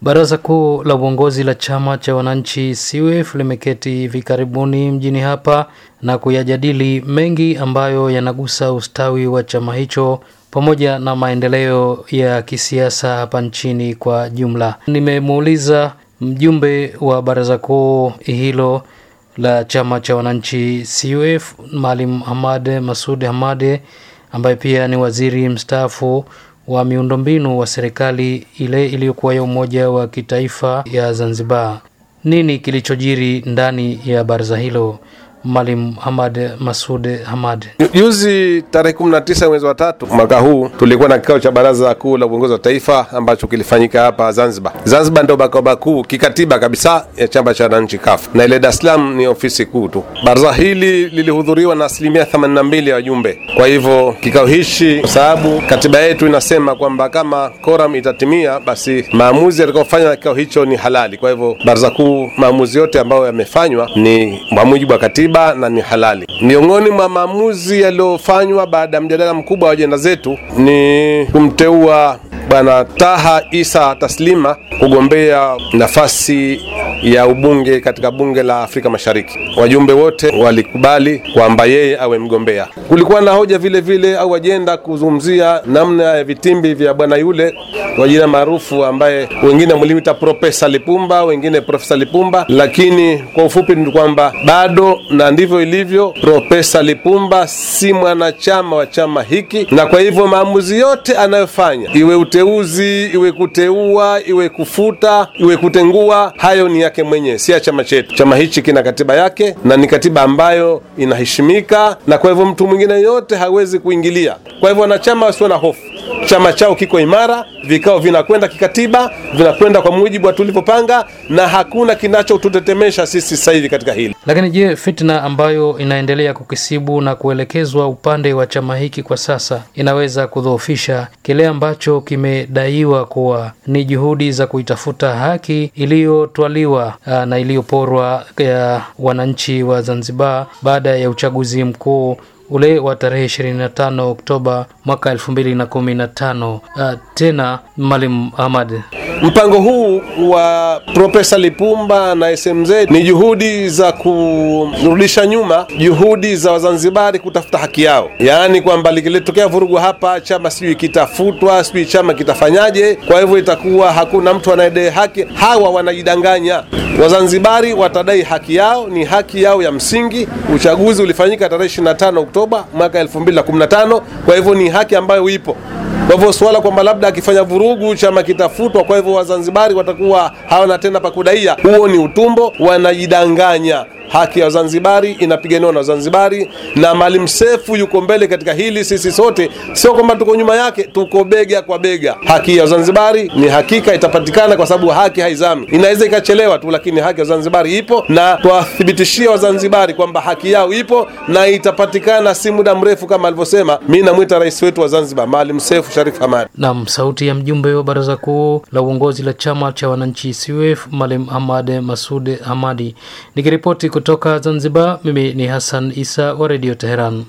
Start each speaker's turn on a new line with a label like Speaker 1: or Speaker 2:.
Speaker 1: Baraza kuu la uongozi la chama cha wananchi CUF limeketi hivi karibuni mjini hapa na kuyajadili mengi ambayo yanagusa ustawi wa chama hicho pamoja na maendeleo ya kisiasa hapa nchini kwa jumla. Nimemuuliza mjumbe wa baraza kuu hilo la chama cha wananchi CUF Maalim Hamad Masud Hamade ambaye pia ni waziri mstaafu wa miundombinu wa serikali ile iliyokuwa ya Umoja wa Kitaifa ya Zanzibar. Nini kilichojiri ndani ya baraza hilo? Mwalimu Hamad masud Hamad.
Speaker 2: Juzi tarehe 19 mwezi wa tatu mwaka huu tulikuwa na kikao cha baraza kuu la uongozi wa taifa ambacho kilifanyika hapa Zanzibar. Zanzibar ndio makao makuu kikatiba kabisa ya chama cha wananchi kafu, na ile Dar es Salaam ni ofisi kuu tu. Baraza hili lilihudhuriwa na asilimia mbili ya wajumbe. Kwa hivyo kikao hichi, kwa sababu katiba yetu inasema kwamba kama koram itatimia, basi maamuzi yatakayofanywa na kikao hicho ni halali. Kwa hivyo baraza kuu, maamuzi yote ambayo yamefanywa ni kwa mujibu wa katiba riba na ni halali. Miongoni mwa maamuzi yaliyofanywa baada ya mjadala mkubwa wa ajenda zetu ni kumteua Bwana Taha Isa Taslima kugombea nafasi ya ubunge katika bunge la Afrika Mashariki. Wajumbe wote walikubali kwamba yeye awe mgombea. Kulikuwa na hoja vile vile au ajenda kuzungumzia namna ya vitimbi vya bwana yule kwa jina maarufu ambaye wengine mlimita Profesa Lipumba, wengine Profesa Lipumba, lakini kwa ufupi ni kwamba bado, na ndivyo ilivyo, Profesa Lipumba si mwanachama wa chama hiki, na kwa hivyo maamuzi yote anayofanya, iwe uteuzi, iwe kuteua, iwe kufuta, iwe kutengua, hayo ni ya yake mwenyewe, si ya chama chetu. Chama hichi kina katiba yake na ni katiba ambayo inaheshimika, na kwa hivyo mtu mwingine yote hawezi kuingilia. Kwa hivyo wanachama wasiwe na hofu chama chao kiko imara, vikao vinakwenda kikatiba, vinakwenda kwa mujibu wa tulivyopanga, na hakuna kinachotutetemesha sisi sasa hivi katika hili.
Speaker 1: Lakini je, fitna ambayo inaendelea kukisibu na kuelekezwa upande wa chama hiki kwa sasa inaweza kudhoofisha kile ambacho kimedaiwa kuwa ni juhudi za kuitafuta haki iliyotwaliwa ah, na iliyoporwa ya ah, wananchi wa Zanzibar baada ya uchaguzi mkuu ule wa tarehe 25 Oktoba mwaka 2015. Uh, tena Mwalimu Ahmad
Speaker 2: Mpango huu wa Profesa Lipumba na SMZ ni juhudi za kurudisha nyuma juhudi za Wazanzibari kutafuta haki yao, yaani kwamba likiletokea vurugu hapa, chama sijui kitafutwa, sijui chama kitafanyaje. Kwa hivyo itakuwa hakuna mtu anayedai haki. Hawa wanajidanganya. Wazanzibari watadai haki yao, ni haki yao ya msingi. Uchaguzi ulifanyika tarehe 25 Oktoba mwaka 2015, kwa hivyo ni haki ambayo ipo. Kwa hivyo swala kwamba labda akifanya vurugu chama kitafutwa, kwa hivyo Wazanzibari watakuwa hawana tena pa huo ni utumbo, wanajidanganya haki ya Zanzibari inapiganiwa na Zanzibari, na Maalim Seif yuko mbele katika hili. Sisi sote sio kwamba tuko nyuma yake, tuko bega kwa bega. Haki ya Zanzibari ni hakika itapatikana, kwa sababu haki haizami, inaweza ikachelewa tu, lakini haki ya Zanzibari ipo, na twathibitishia Wazanzibari kwamba haki yao ipo na itapatikana si muda mrefu, kama alivyosema. Mimi namwita rais wetu wa Zanzibar Maalim Seif Sharif Hamad.
Speaker 1: Naam, sauti ya mjumbe wa baraza kuu la uongozi la chama cha wananchi CUF Maalim Hamad Masude Hamadi nikiripoti kutoka Zanzibar, mimi ni Hassan Isa wa radio Teheran.